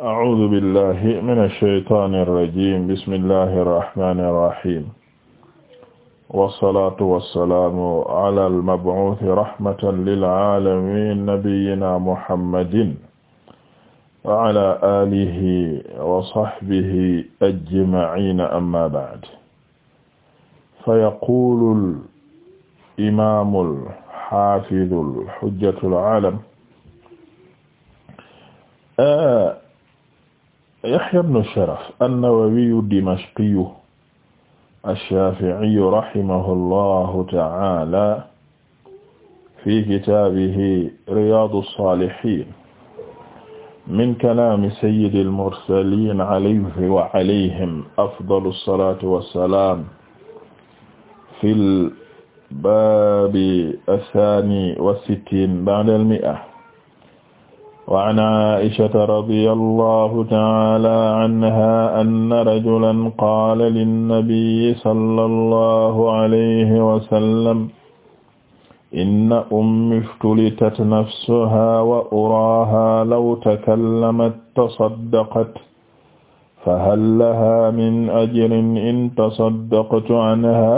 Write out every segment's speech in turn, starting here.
أعوذ بالله من الشيطان الرجيم بسم الله الرحمن الرحيم والصلاة والسلام على المبعوث رحمة للعالمين نبينا محمد وعلى آله وصحبه أجمعين أما بعد فيقول الإمام الحافظ الحجة العالم Yahya ibn Sharaf an-Nawawiyu ad-Dimashqiyu ash-Shafi'iyu rahimahullahu ta'ala fi kitaabihi Riyaadu s-Saalihiin min kalaami sayyidil mursaliin alayhi wa alayhim afdalu s-salaatu wa s-salaam fil baabi ath-thaani wa s-sittiin ba'da al-mi'a wa an aishata radi allahu taala aanha anna rajulan qaala linnabiyi sala allahu alayhi wasallam inna ummi ftulitat nafsuha wa uraaha law takallamat tasaddaqat fahal laha min ajrin in tasaddaqtu anha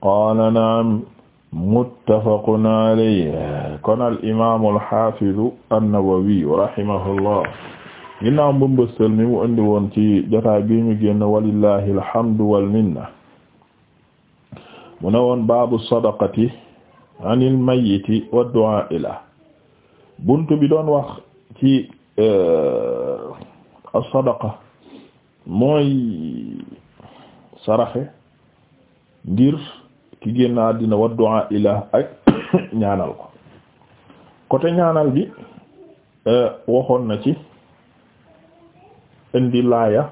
qaala na'am muttafaqun alayhi kon al imaamu al xaafidu an-Nawawi rahimahullah ginnaaw mbëmbëstal mi mu indi woon ci jotaay bi ñu génn walillahi alhamdu wal minna mu ne woon baabu sadaqati anil mayyiti wa du'a ila bunt bi doon wax ci eh, as-sadaqa mooy saraxe ngir ki génn àddina wa du'a ilah ak ñaanal ko côté ñaanal bi euh, waxoon na ci indi laaya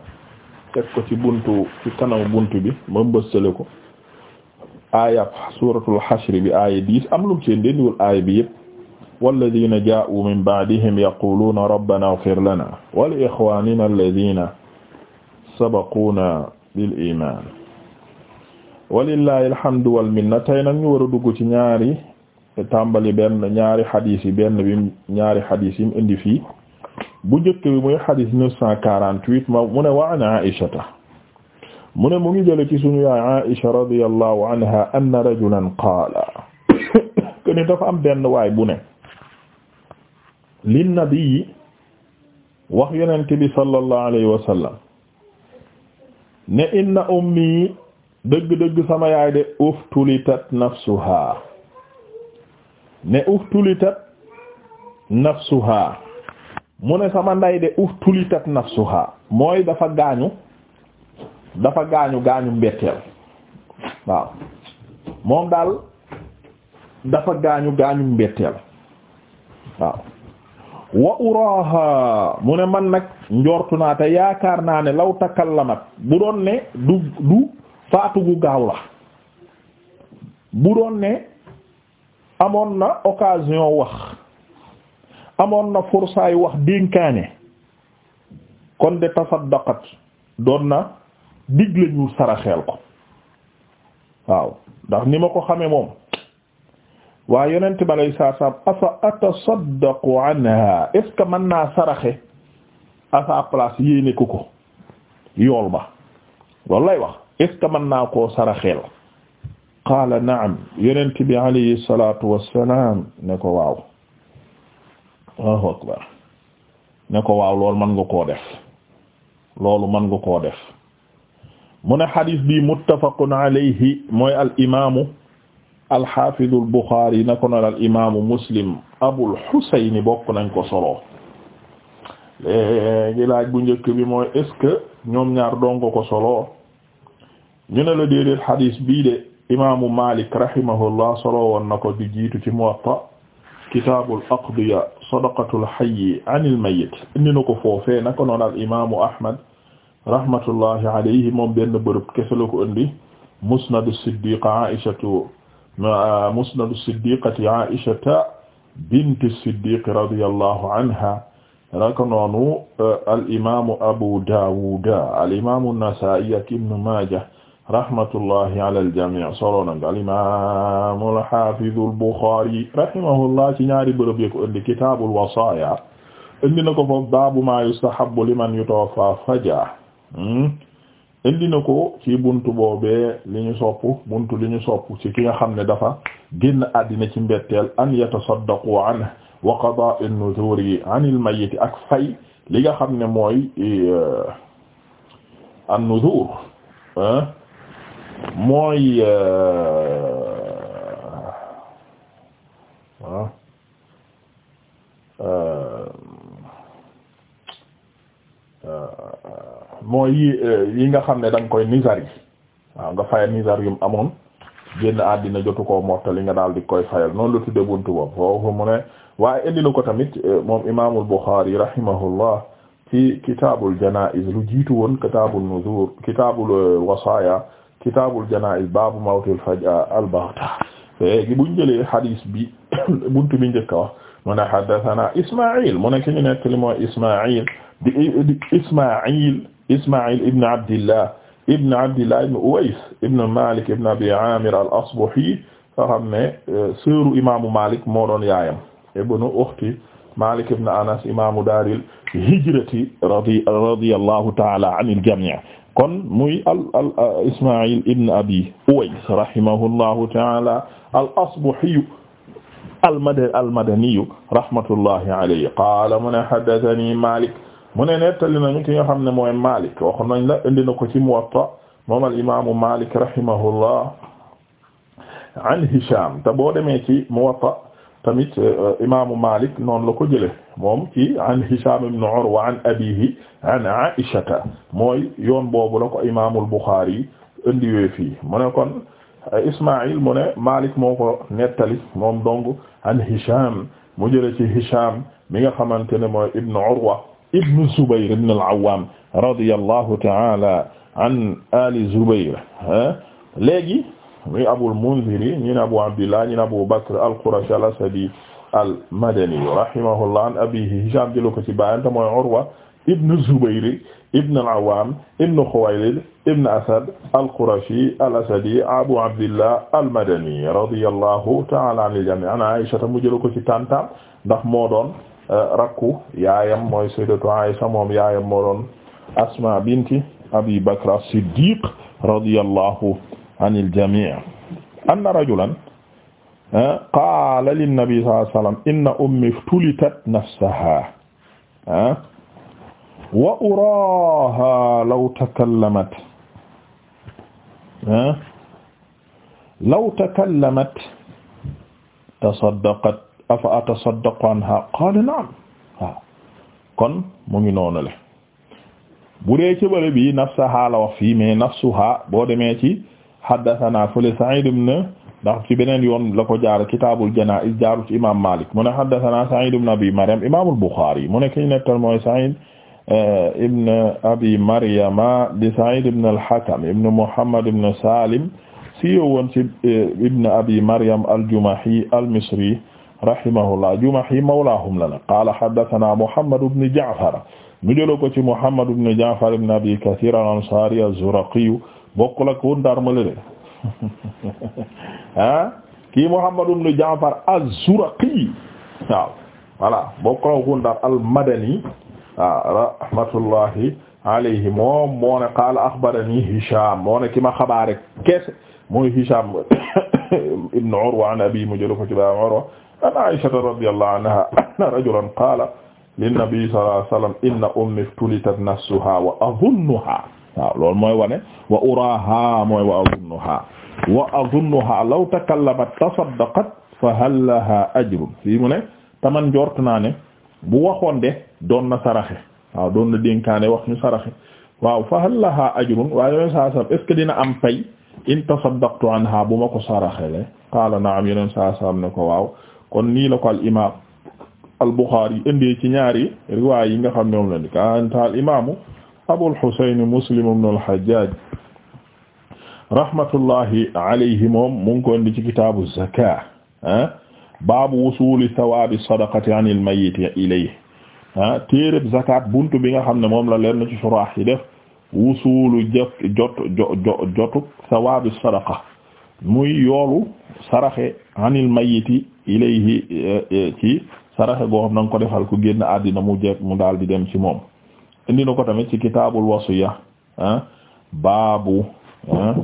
teg ko ci buntu ci kanaw buntu bi ma mbëstale ko aaya suratul xashri bi aaya dix am lum seen dendiwul aaya bi yëpp walladina jaa'u min ba'dihim yaquluuna rabbana ighfir lana wa li ikhwanina alladina sabaquna bil iman walillahi alhamdu wal minna tey nag ñu war a dugg ci ñaari tàmbali benn ñaari xadis benn bi ñaari xadis yi mu indi fii bu njëkk bi muy xadis neuf cent ne wa an aishata mu ne mu ngi jële ci suñu yaay aisha radiyallahu anha anna rajulan qaala kene dafa am benn waay bu ne lin nabi wax yonent bi sallallahu alayhi wa ne inna ummi dëgg-dëgg sama yaay de uftulitat nafsuha ne uftulitat nafsuha mu ne sama nday de uftulitat nafsuha mooy dafa gaañu dafa gaañu gaañu mbetteel waaw moom daal dafa gaañu gaañu mbetteel waaw wa uraaha mu ne man nag njortu naa te yaakaar naa ne law takallamat bu doon ne du faatu gu gaaw la bu doon ne amoon na occasion wax amoon na fursaay wax dénkaane kon de tasaddaqat doon na digle ñu saraxeel ko waaw ndax ni ma ko xame moom waa yonent bi alayhi salaatu salaam afa atasaddaqu anha est-ce que mën naa saraxe à sa place yéene ko ko yool ba loolu lay wax est ce que mën naa koo saraxeel qaala naam yonent bi alayhi salatu wassalam ne ko waaw lool akbar ne ko mën nga koo def loolu mën nga koo def mu ne xadis bi muttafaqun alayhi mooy al imaamu alxafidu albuxaari na ko noon al imaamu muslim abul xusayni bokk nañ ko solo léegi bu njëkk bi mooy ñoom ñaar doon ko solo ñu ne la déedéet xadis bii de imaamu Malik rahimahullah solo woon na ko di jiitu ci Muwatta kitaabul aqdiya sadaqatul hayyi anil mayyit indi na ko foofee naka noonu al imaamu Ahmad rahmatullahi alayhi moom benn bërëb kese la ko indi musnadu siddiqa aishatu ah, musnadu siddiqati aishata binti siddiq radiyallahu anha naka noonu eh, al imaamu Abu Dawud al imaamu Nasaa'i ak Ibn Maajah rahmatullahi ala aljamii solo na nga al-imaam al-haafiz al-Buxaari rahimahullah ci ñaari bërëb yi ko indi kitaabul wasaaya indi na ko foofu baabu maa yustahabbu liman yutawaffa fajaa hmm? indi na ko ci buntu boobee li ñu sopp buntu li ñu sopp ci ki nga xam ne dafa génn àddina ci mbetteel an yatasaddaqu anhu wa qadaa'i an-nuzuuri anil mayyit ak fay li nga xam ne mooy eh, an-nuzuur eh? mooy ah mooy yi nga xam ne da koy nizar yi waaw nga fayal nizar yum amoon génn àddina jotu koo li nga daal di koy fayal noonu la tudde buntu boobu foofu mu ne waaye indi na ko tamit moom imaamul Bukhari rahimahullah ci kitaabul janaa'iz lu jiitu woon kitaabul nuzuur kitaabul wasaaya kitaabul janaa'iz baabu mawtil fajaa ah, al-baxta léegi bu ñu jëlee hadis bi buntu bi njëkk a wax mu ne haddasanaa Isma'il mu ne ki ñu nettali mooy Isma'il di Isma'il Isma'il ibn Abdillah ibn Abdillah ibn Uways ibn Malik ibn Abi Amir al-Asbahi nga xam ne euh, sœuru imaamu Malik moo doon yaayam ibnu ukhti Malik ibn Anas imaamu daaril hijrati radi radiyallahu ta'ala anil jamii' kon muy al al Ismaïl ibn Abi Uways rahimahullahu ta'ala al asbahiyu al mada al madaniyu rahmatullahi alayhi qaala mu ne haddathani Malik mu ne nettali nañu ki nga xam ne mooy Malik wax nañ la indi na ko ci Muwatta moom al imaamu Malik rahimahullah an Hisham te boo demee ci Muwatta tamit euh, imaamu Malik noonu la ko jëlee moom ci an Hisham ibn Urwa an an Aishata mooy yoon boobu la ko imaamul Bukhari indiwee fii mu ne kon Ismaïl mu ne Malik moo ko nettali moom dong an Hisham mu jëlee ci Hisham mi nga xamante ne mooy ibn Urwa ibn Zubayr ibn al-Awwam radiyallahu ta'ala ali Zubayr léegi muy Abul Munziri ñi ne Abu Abdillah ñi ne Abu Bakr al-Qurashi al-Asadi al-Madani rahimahullah an abihi Hisham jëlo ko ci bàyyante mooy Urwa ibn Zubayr ibn al-Awwam ibn Khuwaylid ibn Asad al-Qurashi al-Asadi Abu Abdillah al-Madani radiyallahu ta'ala anil jami' an Aisha mu jëlo ko ci tantam ndax moo doon euh, rakku yaayam mooy sayyidatu Aisha moom yaayam moo doon Asma binti Abi Bakr as-Siddiq radiyallahu anil jamii anna rajulan qaala linnabi sallallahu alayhi wasallam inna ummi iftulitat nafsaha wa uraaha law takallamat law takallamat tasaddaqat afa atasaddaqu anha qaala na'am waaw kon mu ngi noonu le bu dee ci bële bi nafsaha la wax fii mais nafsuha boo demee ci haddathana fële Sa'id ibn ndax ci beneen yoon la ko jaar kitaabul janaa'iz jaaru ci imaam Maalik mu ne haddathana Sa'id ibn Abi Maryam imaamul Buxaari mu ne ki nettal mooy Sa'id eh, ibn Abi Maryama di Sa'id ibn al-Hakam ibn Muhammad ibn Salim si woon ci eh, ibn Abi Maryam al-Jumahi al-Misri rahimahullah Jumahi mawlaahum lana qaala haddathana Muhammad ibn Ja'far mu jëloo ko ci Muhammad ibn Ja'far ibn Abi Kathir al-Ansari az-Zuraqi bokkul ak woon Darma la de ah kii Muhammad ibn Ja'far az-Zuraqi waaw voilà bokkul ak woon Dar al-Madani ah rahmatullahi alayhi moom moo ne qaala axbarani Hisham moo ne ki ma xabaare keese mooy Hisham ibn Urwa an abi mu jël ko ci ba Urwa an Aisha radiyallahu anha anna rajulan qaala linnabi sallallahu alayhi wa sallam inna ummi iftulitat nafsuha wa azunnuha waaw lool mooy wane wa uraaha mooy wa azunnuha wa azunnuha law takallamat tasaddaqat fa hal laha ajrun fii mu ne taman njort naa ne bu waxoon de doon na saraxe waaw doon na dénkaane wax ñu saraxe waaw fa hal laha ajrun waaye saa saam est-ce am pay in tasaddaqtu anha bu ma ko saraxele qaala naam yeneen saa saam ne ko waaw kon nii la ko al imaam ci ñaari riwaay yi nga xam ne moom ni kanta al Abul Husayn Muslim ibn al-Hajjaj rahmatullahi alayhi moom mu ngi ko indi ci kitaabu zaka ah baabu wusuuli sawaabi sadaqati an il mayit ilayhi ah buntu bi nga xam ne moom la leen na ci surah yi def wusuulu jot jotu sawaabi sadaqa muy yoolu saraxe anil mayiti ilayhi eh, eh, ci saraxe goo ko defal ku génn àddina mu jeet mu daal di dem ci moom indi na ko tamit ci kitaabul wasiya ah baabu ah,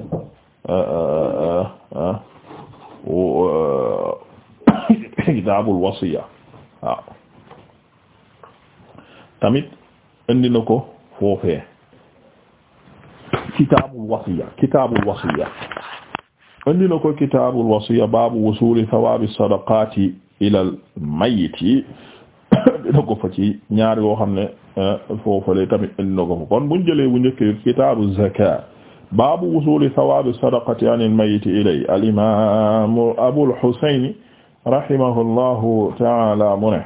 ah, ah, ah kitaabul wasiya waaw tamit indi na ko foofee kitaabul wasiya kitaabul wasiya indi na ko kitaabul wasiya baabu wusuuli thawaabi sadaqaati ilal mayyit yi dina ko fa ci ñaar yoo xam ne Eh, foofale tamit indi na ko fa kon buñ jëlee bu njëkk kitaabu zakaat baabu wusuuli sawaabi sadaqati anil mayyiti ilay al imaam abul husayn rahimahullahu ta'ala mu ne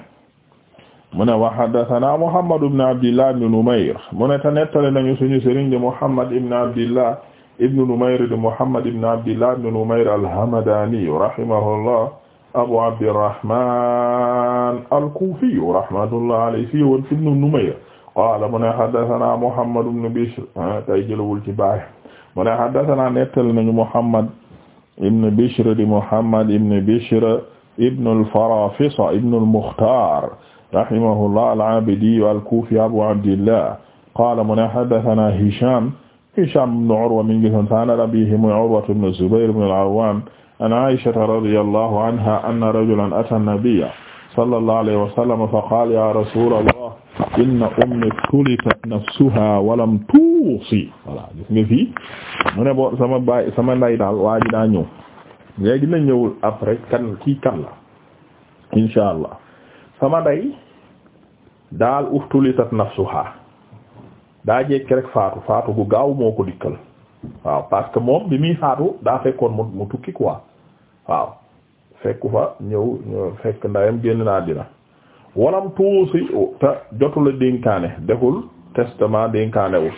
mu ne wa haddasanaa Muhammad ibn Abdillah ibn Numayr mu ne te nettali nañu suñu sëriñ de Muhammad ibn Abdillah ibn Numayr de Muhammad ibn Abdillah ibn Numayr al-Hamdaani rahimahullah abu abdirrahman alkuufiyu rahmatullah alayhi fii woon ibnu Numayr qaala mu ne haddasanaa Muhammad ibnu Bishr ah, tey jëlawul ci baay mu ne haddasanaa nettal nañu Muhammad ibnu Bishr di Muhammad ibnu Bishr ibnu al-Farafisa ibnu al-Mukhtaar rahimahullah al-Abdi al-Kuufi abu abdillah qaala mu ne haddasanaa Hicham Hicham ibnu Urwa min gisoon saan abiihi muy Urwa ibnu Zubayr ibnu al-Awwaam an aishata radiyallahu anha anna rajulan ata nabiyya sallallahu alayhi wa ya rasulallah inna ummi tulikat nafsuha walam tuusi voilà gis fii mu ne boo sama baay sama nday daal waa ji daa ñëw léegi na ñëwul après kan kii kan la insha allah sama nday daal uftulitat nafsuha daa jekk faatu faatu gu gaaw moo ko dikkal waaw parce que moom bi muy faatu daa fekkoon mu tukki quoi waaw fekku fa ñëw fekk ndayam génn naa dina walam tuusi te jotula dénkaane deful testament dénkaanewul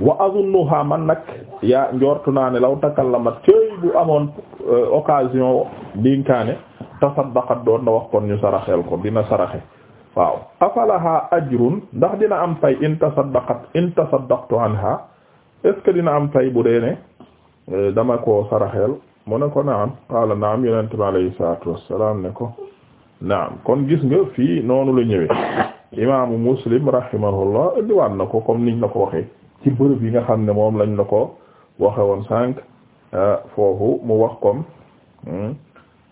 wa azunnuha man nag yaa njortu naa ne law takallamat cëy bu amoon euh, occasion dénkaane tasaddaqat doon na wax kon ñu saraxel ko dina saraxe waaw afalaha ajrun ndax dina am pay in tasaddaqat in tasaddaqtu anha est dina am tay bu dee ne euh, dama ko saraxeel mu ne ko naam qaala naam yonent bi alayhi salaatu wassalaam ne ko naam kon gis nga fii noonu la ñëwee imaamu muslim rahimahullah indiwaat na ko comme niñ la ko waxee ci bërëb yi nga xam ne moom lañ la ko waxe woon sànk euh, foofu mu wax comme hmm,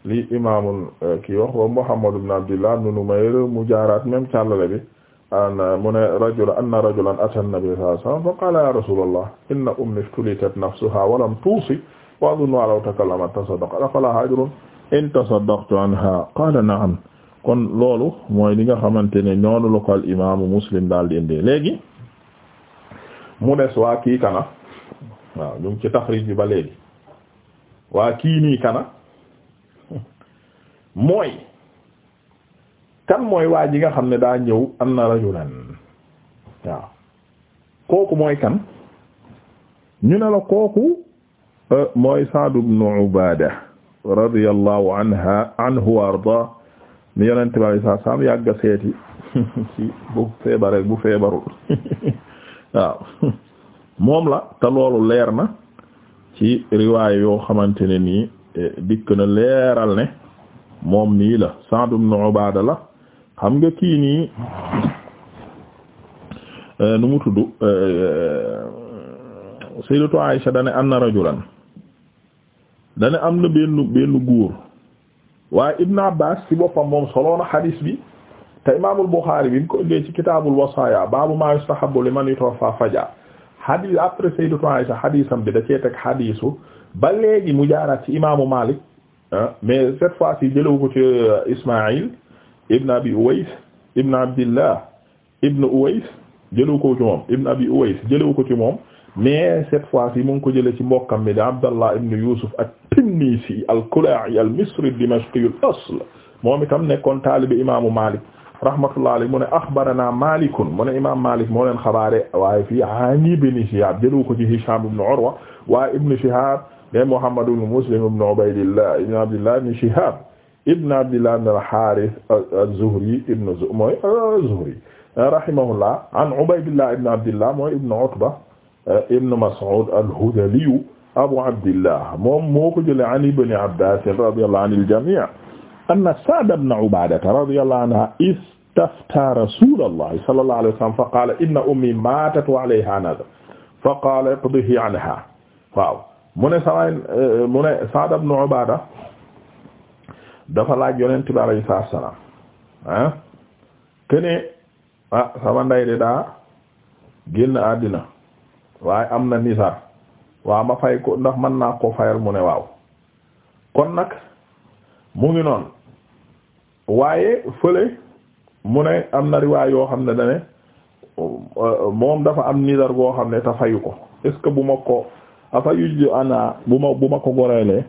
lii imaamul euh, ki wax wa Muhammad ibn Abdillah ibn Numayr mu jaaraat même càllale bi ana uh, mu ne rajula anna rajulan ata an-nabi sallallahu alayhi wa sallam fa qala ya rasulallah inna ummi iftulitat nafsuha wa lam tusi wa adunnu law takallamat tasaddaqat afalaha ajrun in tasaddaqtu anha qala na'am kon loolu mooy li nga xamante ne ñoonu la ko al imaamu muslim daal di indi léegi mu des waa kii kana waaw ñu ngi ci taxrij bi ba léegi waa kii nii kana mooy kan mooy waa ji nga xam ne daa ñëw anna rajulan waaw kooku mooy kan ñu ne la kooku euh, mooy Sa'd ibn Ubaada radiyallahu anha anhu wa arda ni yonent bi sallallahu alayhi wasallam yàgga seeti ci bu feebaree bu feebarul waaw moom la te loolu leer na ci riwaay yoo xamante ne nii eh, dikk na leeral ne moom nii la Sa'd ibn Ubaada la xam nga kii nii euh, nu mu tudd euh, euh, sayyidatu Aisha dane anna rajulan dane am na benn benn góor waaye Ibn Abbas ci boppam moom soloon a xadiis bi te imaamul Buxaari bi mu ko indee ci kitaabul wasaaya baabu maa yustahabbu liman yutawaffa faja xadiis après sayyidatu Aisha xadiisam bi da cee xadiisu ba léegi mu jaaraat ci imaamu Maalik ah, mais cette fois yi jëlewu ko ci Ismaïl ibn abi uways ibn abdillah ibn uways jëlewu ko ci moom ibn abi uways jëlewu ko ci moom mais cette fois-ci mu ngi ko jële ci mbokkam mi da abdallah ibn yusuf at-tinnisi al-kula'i al-misri ad-dimashqi al-asl moom itam nekkoon taalibe imaamu malik rahmatullah alayhi mu ne axbarana malikun mu ne imam malik moo leen xabaare waaye fii ani ibn shihab jëlewu ko ci hisham ibn urwa waaye ibn shihab da muhammad ibn muslim ibn ubaydillah ibn abdillah ibn shihab ibn abdillah ibn al-Harith az-Zuhri ibn mooy az-Zuhri euh, rahimahullah an Ubaydillah ibn abdillah mooy ibn Utba euh, ibn Mas'ud al-Hudhali Abu Abdillah moom moo ko jëlee an ibn Abbas radiyallahu anil jami' anna Sa'd ibn Ubadah radiyallahu anha istafta Rasulullah sallallahu alayhi wa sallam fa qala inna ummi matat wa alayha nadab fa qala iqdihi anha waaw mu ne sama euh, mu ne Sa'd ibn Ubadah dafa laaj yonent bi alayhi salaatu wa salaam ah kene ah sama nday daa génn àddina waaye am na nisar waaw ma fay ko ndax man naa ko fayal mu ne waaw kon nag mu ngi noonu waaye fële mu ne am na riwaay yoo xam ne dane moom dafa am nisar goo xam ne te fayu ko est ce bu ma ko afa yuj ana bu ma bu ma ko goreelee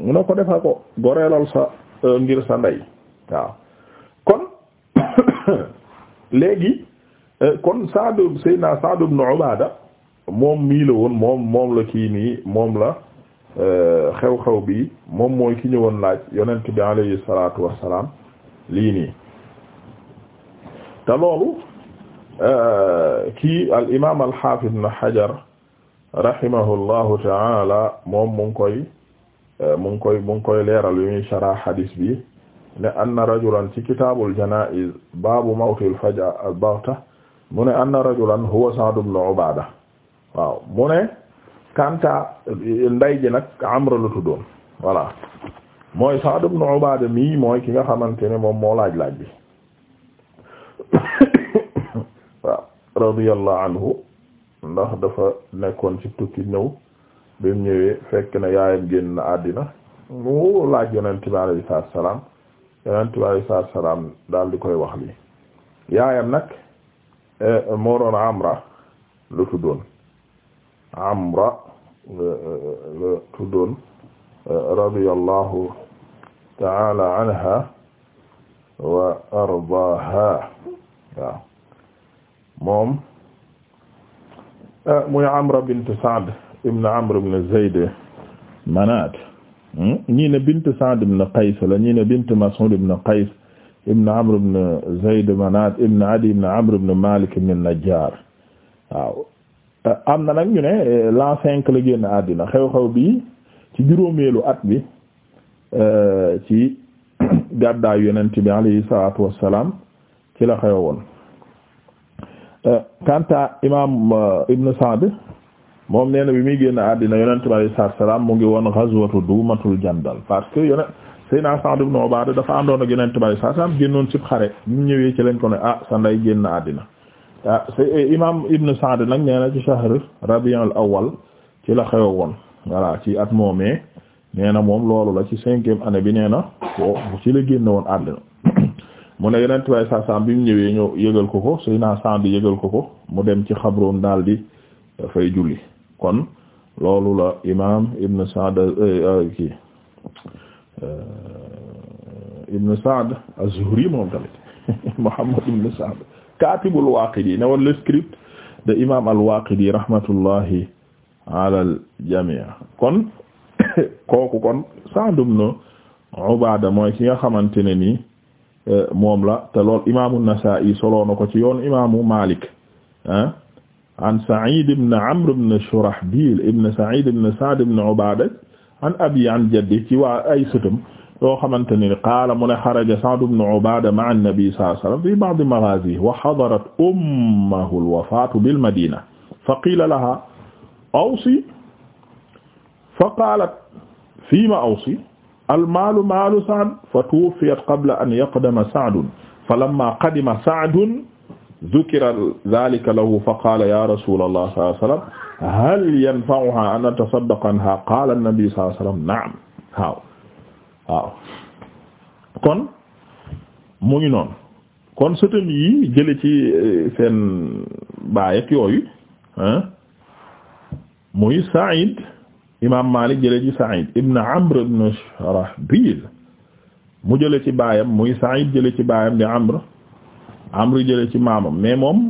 mu ne ko defa ko goreelal sa ngir euh, sa ndey waaw kon léegi euh, kon Sa'd Seydina Sa'd ibn Ubaada moom mii la woon moom moom la kii nii moom la euh, xew-xew bi moom mooy ki ñëwoon laaj yonent bi alayhi salaatu wassalaam lii nii te loolu kii al imaam al xaafid ibn Hajar rahimahullahu taala moom mu koy Euh, mu ngi koy leeral yu muy shara hadis bi ne anna rajulan ci kitaabul janaa'iz baabu mawtil faja al-baxta mu ne anna rajulan huwa Sa'd Ubaada waaw mu ne kanta nday ji nag Amr la tuddoon voilà mooy Sa'd ibn Ubaada mii mooy ki nga xamante ne moom moo laaj laaj bi waaw radiyallahu anhu ndax dafa nekkoon ci tukki ñëw bi mu ñëwee fekk na yaayam génn àddina mu laaj yonent bi alayhi salaam yonent bi alayhi salaam daal di koy wax lii yaayam nag eh, moo doon Amra lu tuddoon Amra lu eh, tuddoon eh, radiyallahu wa ardaaha waaw moom muy Amra bint Sa'd ibn Amr ibn Zayd Manaat hmm? ñii ne bint Sa'd ibn Qays la ñii ne bint Mas'ud ibn Qays ibn Amr ibn Zayd Manaat ibn Adi ibn Amr ibn Malik ibn Najjar waaw am na nag ñu ne l'an génn àddina xew-xew bi ci juróomeelu at bi euh, ci gàddaay yonent bi alayhi salaatu wassalaam ci la xewoon kanta euh, imam euh, ibn Sa'd moom nee na bi muy génn àddina yonent bi alayhi salaatu wa ngi mu ngi woon ghazwatu duumatul jandal parce que yonent Seydina Sa'd ibn Ubaada dafa àndoon ak yonent bi alayhi salaatu wa salaam génnoon cib xare ñu ñëwee ci lañ ko ne ah sa nday génn àddina ah eh, imaam Ibn Sa'd nag nee na ci shahr Rabi'ul Awwal ci la xew woon voilà ci at moomee nee na moom loolu la ci cinquième année bi nee na ci la génn woon àddina mu ne yonent bi alayhi salaatu bi mu ñëwee ñëw yëgal ko ko Seydina Sa'd yëgal ko ko mu dem ci xabroom daal di dafay kon loolu la imaam Ibn Sa'd eh, kii eh, Ibn Sa'd az-Zuhri moom tamit Muhammad Ibn Sa'd katibul Waaqidi ne woon le script de imaam al-Waaqidi rahmatullahi ala al kon kooku kon Sa'd ibn Ubaada mooy ki nga xamante ne nii eh, moom la te lool imaamu Nasaa'i solo na ko ci yoon imaamu Maalik ah. an Saïd ibn Amr ibn Shurahbil ibn Saïd ibn Sa'd ibn Ubaada an abi an jaddi ci waa ay sëtam yoo xamante ne qaala mu ne xaraja Sa'd ibn Ubaada ma'a an-nabi sallallahu alayhi wa sallam fi ba'd maghaazihi wa hadarat ummahu al-wafaatu bil madiina fa qiila lahaa awsi fa qaalat fiimaa awsi al-maalu maalu Sa'd fa tuwuffiyat qabla an yaqdama Sa'd falammaa qadima Sa'd zukira zalika lahu fa qaala ya rasula allah sallallahu alayhi wa sallam hal yanfa'uha an atasaddaqa anha qaala an-nabi sallallahu alayhi wa sallam na'am waaw waaw kon mu ngi noonu kon sëtam yi jële ci eh, seen baay ak yooyu muy Sa'id imam Malik jële ci Sa'id ibn Amr ibn Shurahbil mu jële ci baayam muy Sa'id jële ci baayam di Amr amru jële ci maamam mais moom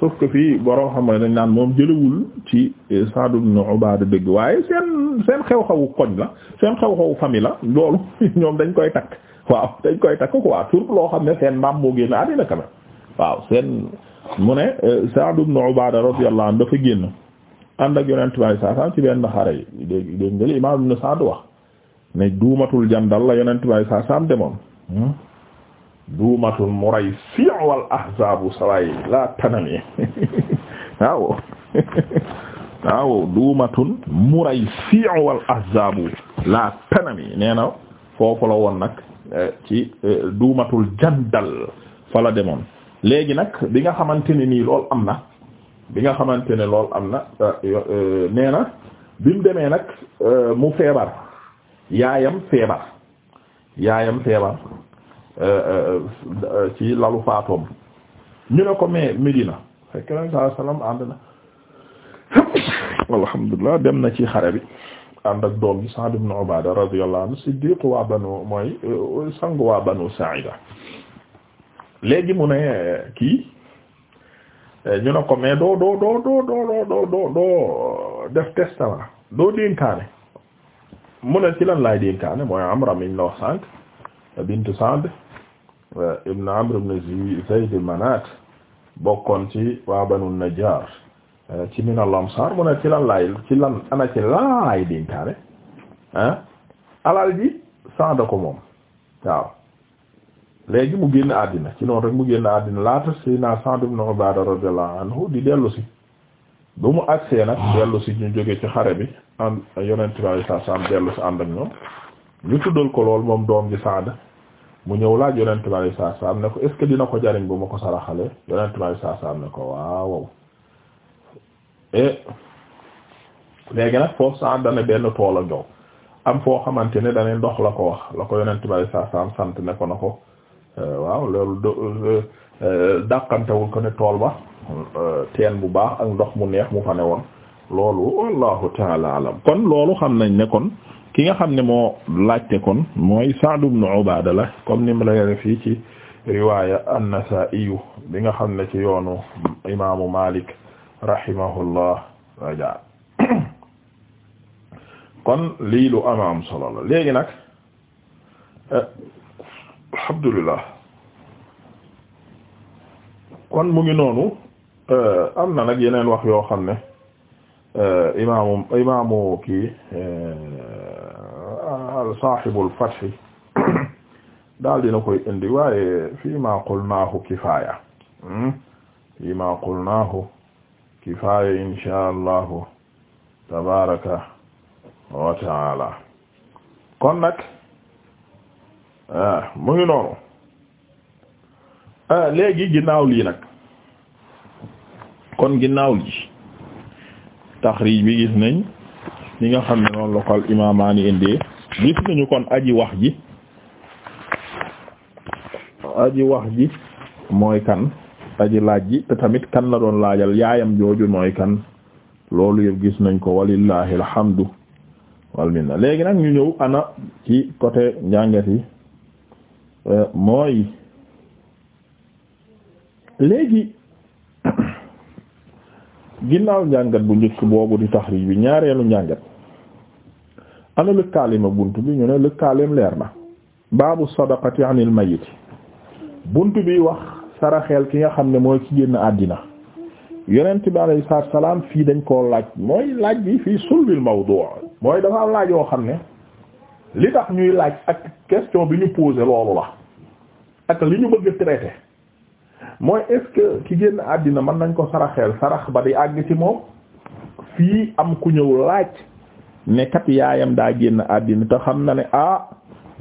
sauf que fii borom xam ne dañ naan moom jëlewul ci Sa'd ibn Ubaada dëgg waaye seen seen xew-xewu koñ la seen xew-xewu famille la loolu ñoom dañ koy takk waaw dañ koy takk quoi surtout loo xam ne seen maam moo génn àddina quand waaw seen mu ne euh, Sa'd ibn Ubaada radiyallahu anhu dafa génn ànd ak yonent bi saa saa ci benn xare yi dégg dégg nga li Imaam Ibn Sa'd wax ne duumatul jandal la yonent bi saa saa demoon. Hmm? duumatul muray siiwal ahzaabu sawaay laa tanami waaw waaw duumatun muray siiwal ahzaabu laa tanami nee na foofu la woon nag eh, ci eh, duumatul jandal fa la demoon léegi nag bi nga xamante ne nii lool am na bi nga xamante ne lool am na eh, nee na bi mu mu feebar yaayam feebar yaayam feebar Euh, euh, euh, ci lalu faatoom ñu ne ko mais Medina fekk na saa salaam ànd na alhamdulilah dem na ci xare bi ànd ak doom bi Sa'd ibn Ubaada radiyallahu anhu siddiq waa banu mooy sang waa banu Sa'ida léegi mu ne kii ñu ne ko mais doo doo doo doo doo doo doo doo def testament doo dénkaane mu ne ci laay dénkaane mooy Amra miñ la wax sànq bint ibn Amr ibn Zayd Manaat bokkoon ci waa Banu Najjaar eh, ci min al-Ansaar mu ne ci lan laay ci lan ana ci lan laay dénkaane ah alal ji Saada ko moom waaw léegi mu génn àddina ci noonu rek mu génn àddina laata Seydina Saad ibn Ubaada radiyallahu anhu di dellu si mu agsee nag dellu si ñu jóge ci xare bi ànd yonent bi sallallahu alayhi si ànd ak ñoom ñu tuddal ko lool moom doom ji Saada mu ñëw laaj yonent bi alayhi salaatu salaam ne ko est-ce que dina ko jariñ bu ma ko saraxale yonent bi alayhi salaatu salaam ne ko waaw e léegi nag foofu sa dana benn tool a njow am foo xamante ne dana ndox la ko wax la ko yonent bi alayhi salaatu salaam sant ne ko na ko e, waaw loolu do e, e, dàqantewul ko ne tool ba teen bu baax ak ndox mu neex mu fa ne woon loolu wallahu taala kon loolu xam nañ ne kon ki nga xam ne moo laajte kon mooy Sa'd ibn Ubaada la comme ni la yore fii ci riwaaya an-Nasaa'i bi nga xam ne ci yoonu imaamu Maalik rahimahullah lii lu ama am solo la léegi nag eh, alhamdulillah kon mu ngi noonu eh, am na nag yeneen wax yoo xam ne eh, imaamu imaamu kii saaxibul fathi daal dina koy indi waaye fii ma qulnaahu kifaaya hmm? fii ma qulnaahu kifaaya inshaa allahu tabaaraka wa taala kon nag ah, mu ngi noonu ah, léegi ginnaaw lii nag kon ginnaaw lii taxriij bi gis nañ li nga xam ne noonu la imaamaani indee gis nañu kon aji wax ji aji wax ji mooy kan aji laaj ji te tamit kan la doon laajal yaayam jooju mooy kan loolu yëpp gis nañ ko walillahi alhamdu wal minna léegi nag ñu ñëw ana ci côté njàngat yi euh, mooy léegi ginnaaw njàngat bu njëkk boobu di taxriij bi ñaareelu njàngat ana lëkkaalima buntu bi ñu ne lëkkaalim leer na baabu sadaqati anil mayit buntu bi wax saraxeel ki nga xam ne mooy ki génn àddina yonent bi alayhi salaam fii dañ koo laaj mooy laaj bi fii sulbil mawdu' mooy dafa am laaj yoo xam ne li tax ñuy laaj ak question bi ñu posé loolu la ak li ñu bëgg traité mooy est ki génn àddina mën nañ ko saraxeel sarax ba di àgg ci moom fii am ku ñëw laaj ne kat yaayam daa génn àddina te xam na ne ah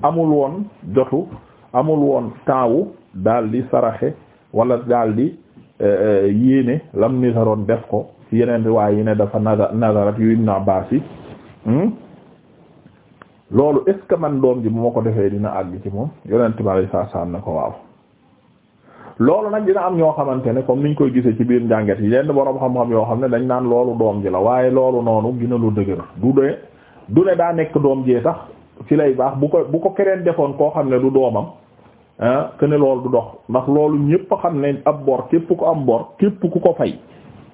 amul woon jotu amul woon taawu daal di saraxe wala daal di eh, eh, yéene lam nisaroon def ko ci yeneen riwaay yi ne dafa nazar nazarat yu Ibn Abbas yi hmm? loolu est man doom ji bu ma ko defee dina àgg ci moom yonent bi sallallahu alayhi wasallam ko waaw loolu nag dina am ñoo xamante ne comme niñ koy gisee ci biir njànget yi yenn borom xam-xam yoo xam ne dañ naan loolu doom ji la waaye loolu noonu gina lu dëgër du dee du ne daa nekk doom jee tax ci lay baax bu ko bu ko keneen defoon koo xam ne du doomam ah que loolu du dox ndax loolu ñépp xam ne ab bor képp ku am bor képp ku ko fay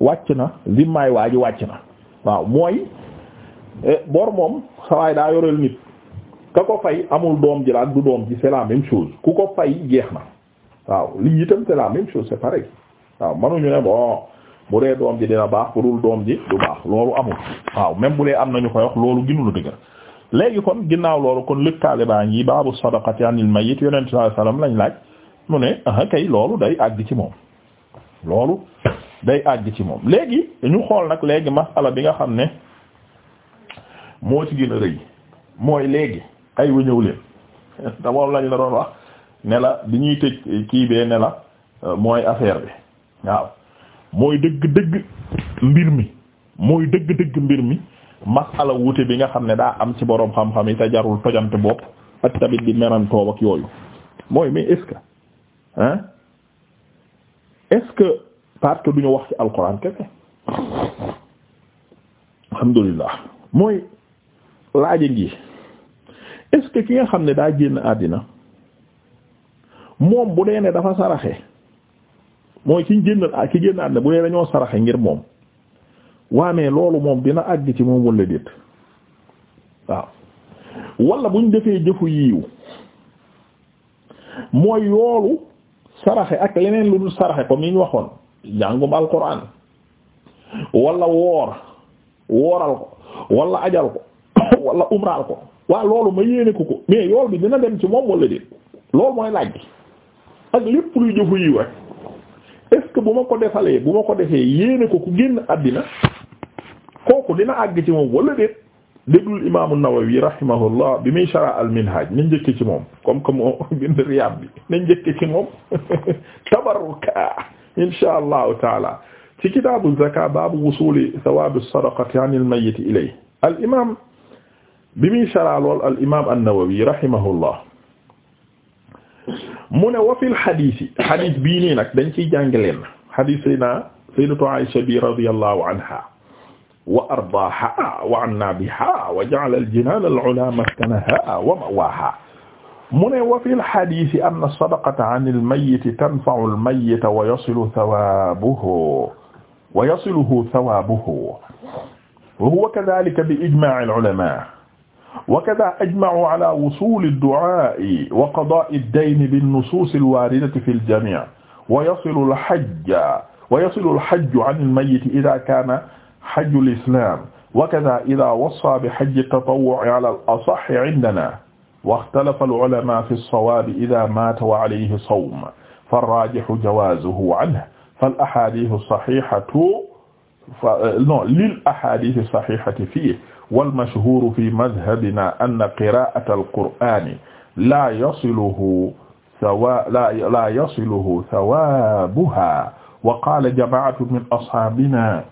wàcc na zimmaay waa ji wàcc na waaw mooy eh, bor moom sawaay daa yoreel nit ka ko fay amul doom ji la ak du doom ji c'est la chose ku ko fay jeex waaw lii itam c'est la même chose c'est pareil waaw manuñu ne bon bu dee doom ji dina baax pour doom ji du baax loolu amul waaw même bu dee am na ñu koy wax loolu gënu la dëgër léegi kon ginnaaw loolu kon lëkkaale baa ngi baabu sadaqati anil mayyit yonent sallallahu alayhi wasallam lañ laaj mu ne ah kay loolu day àgg ci moom loolu day àgg ci moom léegi ñu xool nag léegi masala bi nga xam ne moo ci gën a rëy mooy léegi ay wa ñëw leen te lañ la doon wax ne la ñuy tëj kii bee nela euh, mooy affaire bi waaw mooy dëgg-dëgg mbir mi mooy dëgg-dëgg mbir mi masala wuute bi nga xam ne daa am ci boroom xam-xam yi te jarul tojante bopp ak tamit di merantoo ak yooyu mooy mais est-ce que hein est que parce que wax ci alxuraan kese alhamdulillah mooy laaja ngi est ki nga xam ne daa génn àddina moom bu dee ne dafa saraxe mooy ki génn ki génn ànd bu dee dañoo saraxe ngir moom waa mais loolu moom dina àgg ci moom wala déet waaw bu buñ defee jëfu yiiw mooy yoolu saraxe ak leneen lu dul saraxe comme yi ñu waxoon jàngum alquran wala woor wooral ko wala ajal ko wala umraal ko waa loolu ma yéene ko ko mais yool bi dina dem ci moom wala déet loolu mooy laaj ak lépp luy jëfu yiw rek est-ce que bu ma ko defalee bu ma ko defee yéene ko ku génn àddina kooku dina àgg ci moom wala déet déglul imaamu Nawawi rahimahullah bi muy shara al minhaj nañ ci moom comme que moo bind Riyaad bi nañ ci moom tabarruka insha allahu taala ci kitaabu zaka baabu wusuli sawabi sadaqati an al mayyit ilayhi bi muy shara lool al imam mu ne wa fil xadiisi xadiis bii nii nag dañ ciy jàngaleen xadiis sayna sayyidatu Aisha bi radiyallahu anha wa ardaaha wa anna biha wa ja'ala al-jinaan al-'ulaa maskanaha wa ma'waaha mu ne wa fil xadiisi anna sadaqata 'an al-mayyiti tanfa'u al-mayyita wa yasilu thawaabuhu wa yasiluhu thawaabuhu wa huwa kadhaalika bi ijmaa'i al-'ulamaa wakada ajma'u ala wusuli ad-du'aa'i wa qadaa'i ad-dayni bin-nusuusi al-waaridati fi al-jamii' wa yasilu al-hajja wa yasilu al-hajju 'ani al-mayyiti idaa kaana hajju al-islaam wakada idaa wasaa bi-hajji at-tatawwu'i 'ala al-asahhi 'indanaa واختلف العلماء في الصواب إذا مات وعليه صوم فالراجح جوازه عنه فالأحاديث الصحيحة non للأحاديث الصحيحة فيه والمشهور في مذهبنا أن قراءة القرآن لا يصله ثوا لا لا يصله ثوابها وقال جماعة من أصحابنا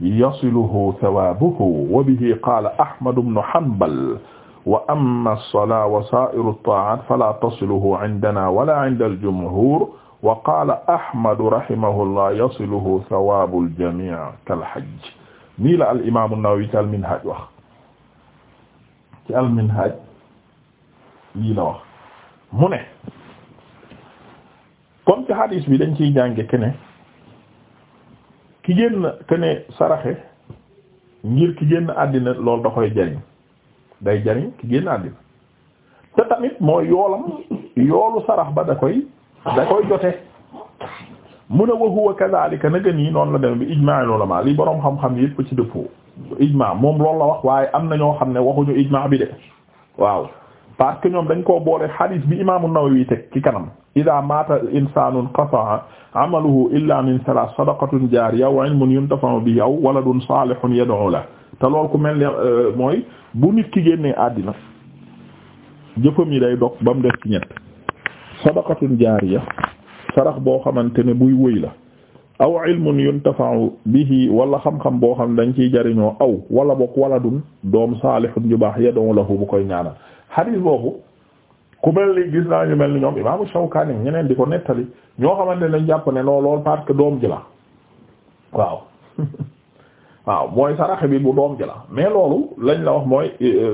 يصله ثوابه وبه قال أحمد بن حنبل وأما الصلاة وسائر الطاعات فلا تصله عندنا ولا عند الجمهور وقال أحمد رحمه الله يصله ثواب الجميع كالحج nii la al imaamu Nawawi ci al minhaj wax ci al minhaj lii la wax mu ne kon ci hadis bi dañ ciy jànge kene ki génn kene saraxe ngir ki génn àddina loolu da koy jariñ day jariñ ki génn àddina te tamit mooy yoolam yoolu sarax ba da koy da koy jote mu ne wa huwa kadhalika naka nii noonu la dem bi ijmaa ulama li borom xam-xam yëpp ci dëppoo ijmaa moom loolu la wax waaye am na ñoo xam ne waxuñu ijmaa bi de waaw parce ñoom dañ ko boole hadith bi imaamu Nawawi teg ci kanam ida mata insanun qata'a amaluhu illa min thalath sadaqatun jaariya wa ilmun yuntafa'u bihi aw waladun salihun yad'u lahu te lool ku mel ni euh, mooy bu nit ki génnee àddina jëfam yi day dog ba mu def ci ñett sadaqatun jaariya sarax boo xamante ne buy wëy la aw ilmun bi bihi wala xam-xam boo xam dañ ciy jariñoo aw wala bokk waladun doom saalihun ju baax yad'u la bu koy ñaanal xadiis boobu ku mel ni gis naa ñu mel ni ñoom imaamu Shawkaani ñeneen di ko nettali ñoo xamante ne dañ jàpp ne non loolu parce que doom ji la waaw mooy sarax bi bu doom ji la mais loolu lañ la wax mooy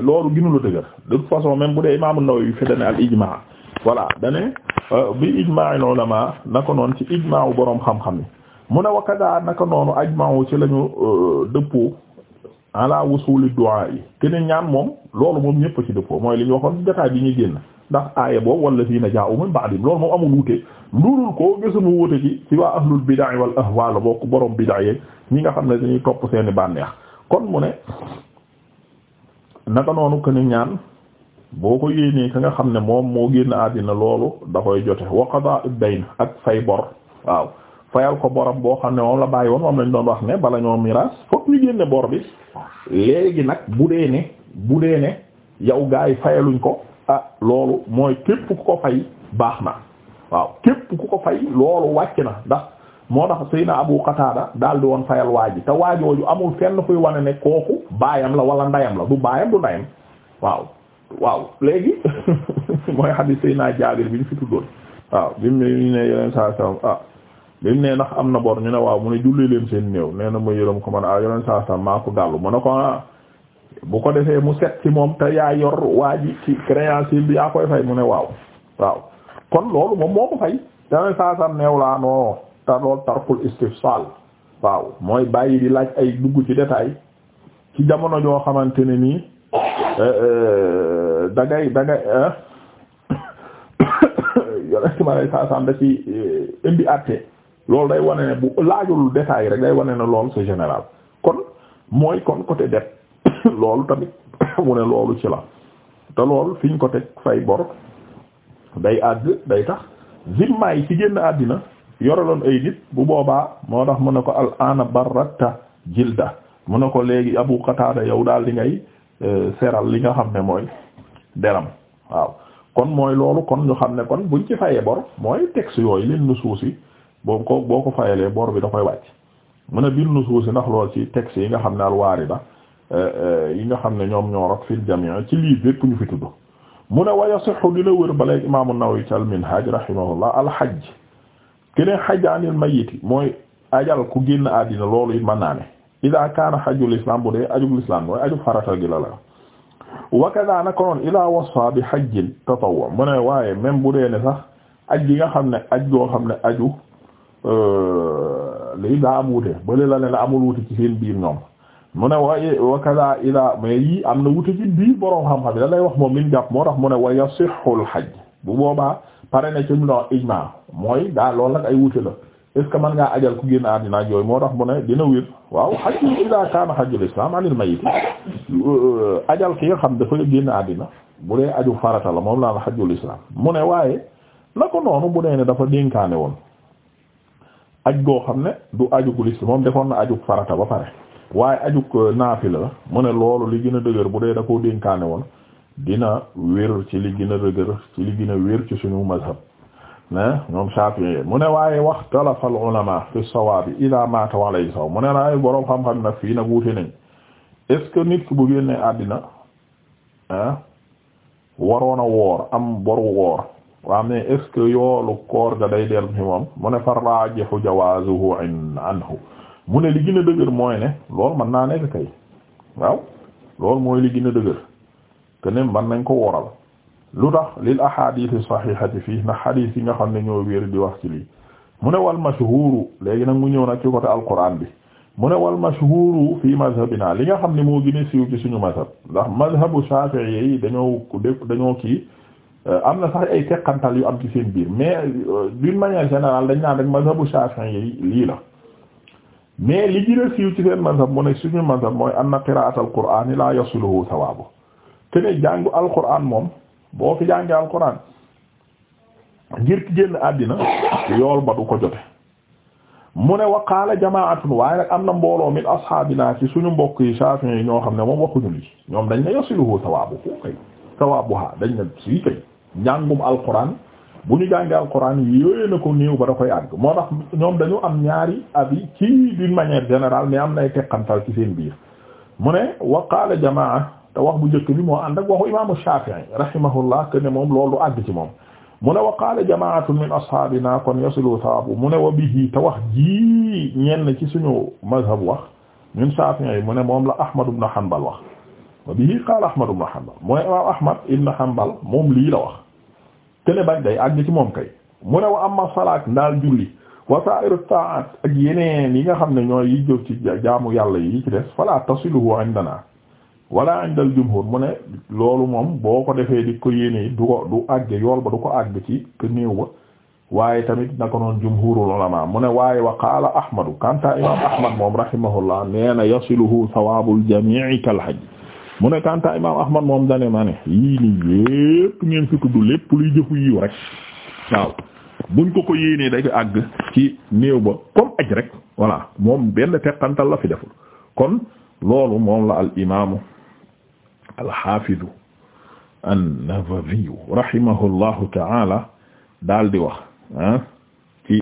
loolu gënu la dëgër de toute façon même bu dee imaamu Nawawi fi dana al ijmaa voilà dane euh, bi ijmaa'il ulama naka noonu ci ijmaa'u boroom xam-xam yi mu ne wakada naka noonu ajma'u ci lañu euh, dëppoo ala wusuli du'a yi keneen ñaan moom loolu moom ñëpp ci dëppoo mooy li ñu waxoon jotaay bi ñuy génn ndax aaya boobu wallaziina jaa'u min ba'dihim loolu moom amul wuute luurul ko gisumu wuute ci ci waa ahlul bid'a wal ahwa la bokk boroom bid'a yeeg ñi nga xam ne dañuy topp seeni bànneex kon mu ne naka noonu keneen ñaan boo ko yéenee ka nga xam ne moom moo génn àddina loolu da koy jote wa qadaa ad-dayn ak fay bor waaw fayal ko borom boo xam ne moom la bàyyi woon moom lañ doon wax ne bala ñoo miraas fokk ñu génne bor bi léegi nag bu dee ne bu dee ne yow gaa yi fayaluñ ko ah loolu mooy képp ku ko fay baax na waaw képp ku ko fay loolu wàcc na ndax moo tax Seydina Abu Qatada daal di woon fayal waa ji te waajooju amul fenn fuy wane ne kooku baayam la wala ndayam la du baayam du waaw léegi mooy xadiis naa Jaabir bi ñu fi tuddoon waaw bi mu ne yeneen saa salaam ah bi mu ne ndax am na bor ñu ne waaw mu ne julli leen seen néew nee na mu yërëm ko man ah yeneen saa salaam maa ko gàllu mu ne ko ah, bu ko defee mu set ci moom te yaa yor waa ji ci créance bi yaa koy fay mu ne waaw waaw kon loolu moom moo ko fay yeneen saa salaam néew laa non te loolu tarkul istifsaal waaw mooy bàyyi di laaj ay dugg ci détail ci jamono joo xamante ne nii. dangay dangay yonent ma lay saasaam da euh, indi àtte loolu day wane ne bu laajul détail rek day wane na lool c'est général kon mooy kon côté det loolu tamit mu ne loolu ci la te lool fiñ ko teg fay bor day àgg day tax zimmaa yi ci génn àddina yoraloon ay nit bu boobaa moo tax mën ne ko al ana barata jilda mu ne ko léegi Abu Qatada yow daal di ngay seral li nga xam ne mooy deram waaw kon mooy loolu kon ñu xam ne kon buñ ci fayee bor mooy texte yooyu leen nu suusi boo ko boo ko fayalee bor bi da koy wàcc mën a biir nu suusi ndax lool ci texte yi nga xam ne alwaarida euh, euh, yi nga xam ne ñoom ñoo rot fil jamii ci lii bépp ñu fi tudd mu ne waya sixu dina wër ba léegi imaamu Nawawi ci alminhaj rahimahullah alhajj keneen xaj anil mayiti mooy ajal ku génn àddina loolu it man naa ne ida kaana hajjul islam bu dee ajug islam mooy ajug farata gi la la wa kaza naka noonu ida wasa bi hajjin tatawwu mu ne waaye même bu dee ne sax aj gi nga xam ne aj goo xam ne aju euh, lii daa am wute bële la ne la amul wute ci seen biir ñoom mu ne wa wa kaza ida mais yii am na wute ci biir borom xam-xam yi da lay wax moom liñ jàpp moo tax mu ne wa yasihul hajj bu boobaa pare na ci mu ijma mooy daa loolu nag ay wute la. est ce que mën ngaa ajal ku génn àddina ak yooyu moo tax mu ne dina wér waaw hajju ila kaana euh, ki nga xam dafa génn àddina bu dee aju farata la moom laa la hajjul islam mu ne waaye na ko noonu bu nee ne dafa dénkaane woon aj goo xam ne du ajug lislam moom defoon na aju farata ba pare waaye ajug naafila la mu ne loolu li gën a dëgër bu dee da koo woon dina wér ci li gën dëgër ci li gën a wér ci suñu mazhab ñoom Shafi'i mu ne waaye waxtalafa al ulama fi sawaabi ida mata walay saw mu ne na ay boroom xam-xam nag fii nag wuute nañ est nit ki bu génne àddina ah woor am boru woor waa mais est yoolu koor ga day dellu ci moom mu ne fa rajihu jawaazuhu anhu mu ne li dëgër mooy ne loolu mën naa nekk kay waaw loolu mooy li dëgër que ne mën nañ ko woral lu tax lil ahadith sahihati fii ndax yi nga xam ne ñoo wér di wax ci lii mu ne wal mashhuru léegi nag mu ñëw nag ci côté alquran bi mu ne wal mashhuru fii mazhabina li nga xam ne moo gën a siiw ci suñu mazhab ndax mazhabu shafi'i yi dañoo dañoo kii am na sax ay teqantal yu am ci seen biir mais euh, d'une manière générale dañ naan rek mazhabu shafi'i yi lii la mais li gën a siiw ci seen mazhab mu ne suñu mazhab mooy anna qira'atul qur'ani la yasuluhu thawabu kene jàngu alquran moom boo fi jàngee alquran ngir ki génn àddina yool ba du ko jote mu ne wa qaala jamaatun waaye nag am na mbooloo min ashaabina ci suñu mbokk yi Shafi'i yi ñoo xam ne moom waxuñu lii ñoom dañ ne yasiluhu sawaabuhu kay sawaabuha dañ ne sii kay njàngum alquran bu ñu jàngee alquran yooyu na ko néew ba da koy àgg moo tax ñoom dañu am ñaari avis ci d'une manière générale mi am nay teqantal ci seen biir mu ne wa qaala jamaa te wax bu njëkk bi moo ànd ak waxu imaamu Shafi'i rahimahullah te ne moom loolu àgg ci moom mu ne wa qaala jamaatun min ashaabina kon yasilu saabu mu ne wa bihi te wax jii ñenn ci suñu mazhab wax ñun Shafi'i yi mu ne moom la Ahmad ibn Hanbal wax wa bihi qaala Ahmad ibn Hanbal mu ne imaam Ahmad ibn Hanbal moom lii la wax te ne bañ day àgg ci moom kay mu ne wa amma salaat ndaal julli wa sa'iru ta'aat ak yeneen yi nga xam ne ñooy yi jóg ci jaamu yàlla yi ci des fala tasiluhu indana wala inda al jumhur mu ne loolu moom boo ko defee di ko yéene du ko du àgg yool ba du ko àgg ci ke néew ba waaye tamit na ko noon jumhurul ulama mu ne waaye wa qaala ahmadu kanta imam ahmad moom rahimahullah nee na yasiluhu sawaabul jamii kal hajj mu ne kanta imam ahmad moom dane ma ne yii nii yépp ngeen fi tudd lépp luy jëfu yiw rek waaw buñ ko ko yéenee day àgg ci néew ba comme aj rek voilà moom benn teqantal la fi deful kon loolu moom la al imaamu alxafidu an-Nawawi rahimahullahu taala daal di wax ah